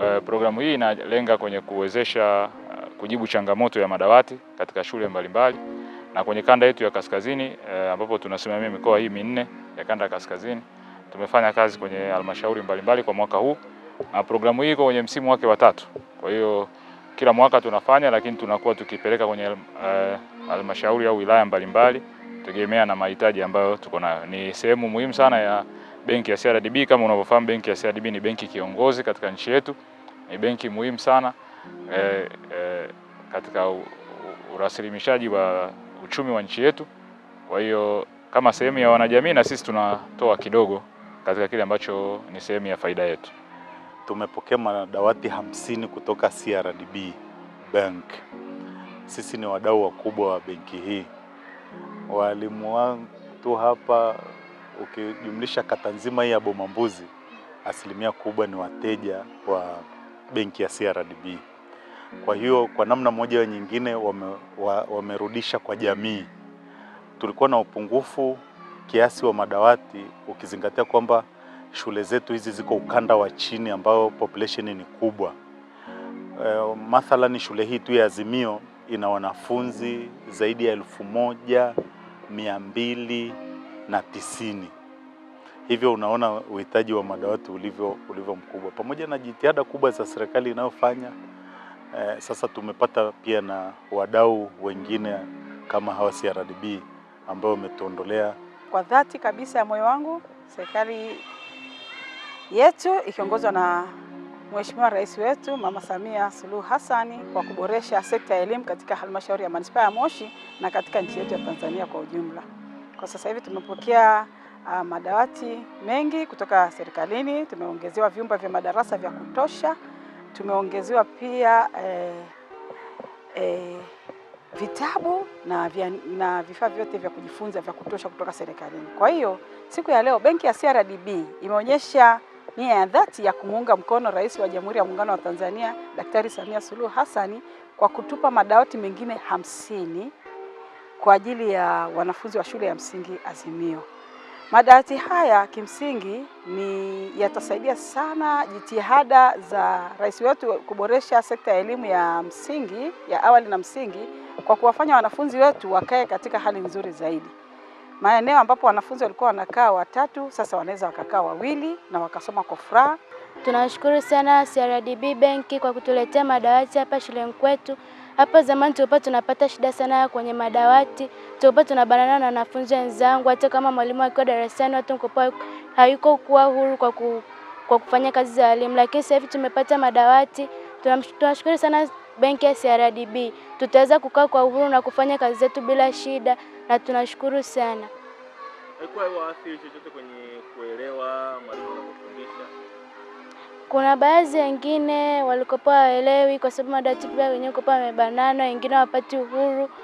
Eh, programu hii inalenga kwenye kuwezesha eh, kujibu changamoto ya madawati katika shule mbalimbali mbali, na kwenye kanda yetu ya kaskazini eh, ambapo tunasimamia mikoa hii minne ya kanda ya kaskazini. Tumefanya kazi kwenye halmashauri mbalimbali kwa mwaka huu na programu hii iko kwenye msimu wake wa tatu. Kwa hiyo kila mwaka tunafanya, lakini tunakuwa tukipeleka kwenye halmashauri uh, au wilaya mbalimbali tegemea na mahitaji ambayo tuko nayo. Ni sehemu muhimu sana ya benki ya CRDB. Kama unavyofahamu, benki ya CRDB ni benki kiongozi katika nchi yetu, ni benki muhimu sana e, e, katika urasilimishaji wa uchumi wa nchi yetu. Kwa hiyo kama sehemu ya wanajamii, na sisi tunatoa kidogo katika kile ambacho ni sehemu ya faida yetu. Tumepokea madawati hamsini kutoka CRDB Bank. Sisi ni wadau wakubwa wa benki hii. Walimu wangu hapa ukijumlisha kata nzima hii ya Bomambuzi, asilimia kubwa ni wateja wa benki ya CRDB. Kwa hiyo kwa namna moja au nyingine wame, wa, wamerudisha kwa jamii. Tulikuwa na upungufu kiasi wa madawati ukizingatia kwamba shule zetu hizi ziko ukanda wa chini ambao population ni kubwa. E, mathalani shule hii tu ya Azimio ina wanafunzi zaidi ya elfu moja mia mbili na tisini. Hivyo unaona uhitaji wa madawati ulivyo, ulivyo mkubwa, pamoja na jitihada kubwa za serikali inayofanya. Eh, sasa tumepata pia na wadau wengine kama hawa CRDB ambao wametuondolea kwa dhati kabisa ya moyo wangu. Serikali yetu ikiongozwa na Mheshimiwa Rais wetu Mama Samia Suluhu Hassani kwa kuboresha sekta ya elimu katika halmashauri ya manispaa ya Moshi na katika nchi yetu ya Tanzania kwa ujumla. Kwa sasa hivi tumepokea uh, madawati mengi kutoka serikalini, tumeongezewa vyumba vya madarasa vya kutosha, tumeongezewa pia eh, eh, vitabu na, vya, na vifaa vyote vya kujifunza vya kutosha kutoka serikalini. Kwa hiyo siku ya leo benki ya CRDB imeonyesha nia ya dhati ya kumuunga mkono Rais wa Jamhuri ya Muungano wa Tanzania Daktari Samia Suluhu Hassani kwa kutupa madawati mengine hamsini kwa ajili ya wanafunzi wa shule ya msingi Azimio. Madawati haya kimsingi ni yatasaidia sana jitihada za rais wetu kuboresha sekta ya elimu ya msingi ya awali na msingi kwa kuwafanya wanafunzi wetu wakae katika hali nzuri zaidi. Maeneo ambapo wanafunzi walikuwa wanakaa watatu, sasa wanaweza wakakaa wawili na wakasoma kwa furaha. Tunashukuru sana CRDB benki kwa kutuletea madawati hapa shuleni kwetu. Hapa zamani tulikuwa tunapata shida sana kwenye madawati, tulikuwa tunabanana na wanafunzi wenzangu, hata kama mwalimu akiwa darasani watu mkopo hayuko kuwa huru kwa, ku, kwa kufanya kazi za walimu lakini sasa hivi tumepata madawati. Tunashukuru sana benki ya CRDB, tutaweza kukaa kwa uhuru na kufanya kazi zetu bila shida, na tunashukuru sana. Haikuwa waathiri chochote kwenye kuelewa mwalimu anapofundisha? Kuna baadhi wengine walikopoa waelewi kwa sababu mada ya wenyewe kopoa wamebanana, wengine wapati uhuru.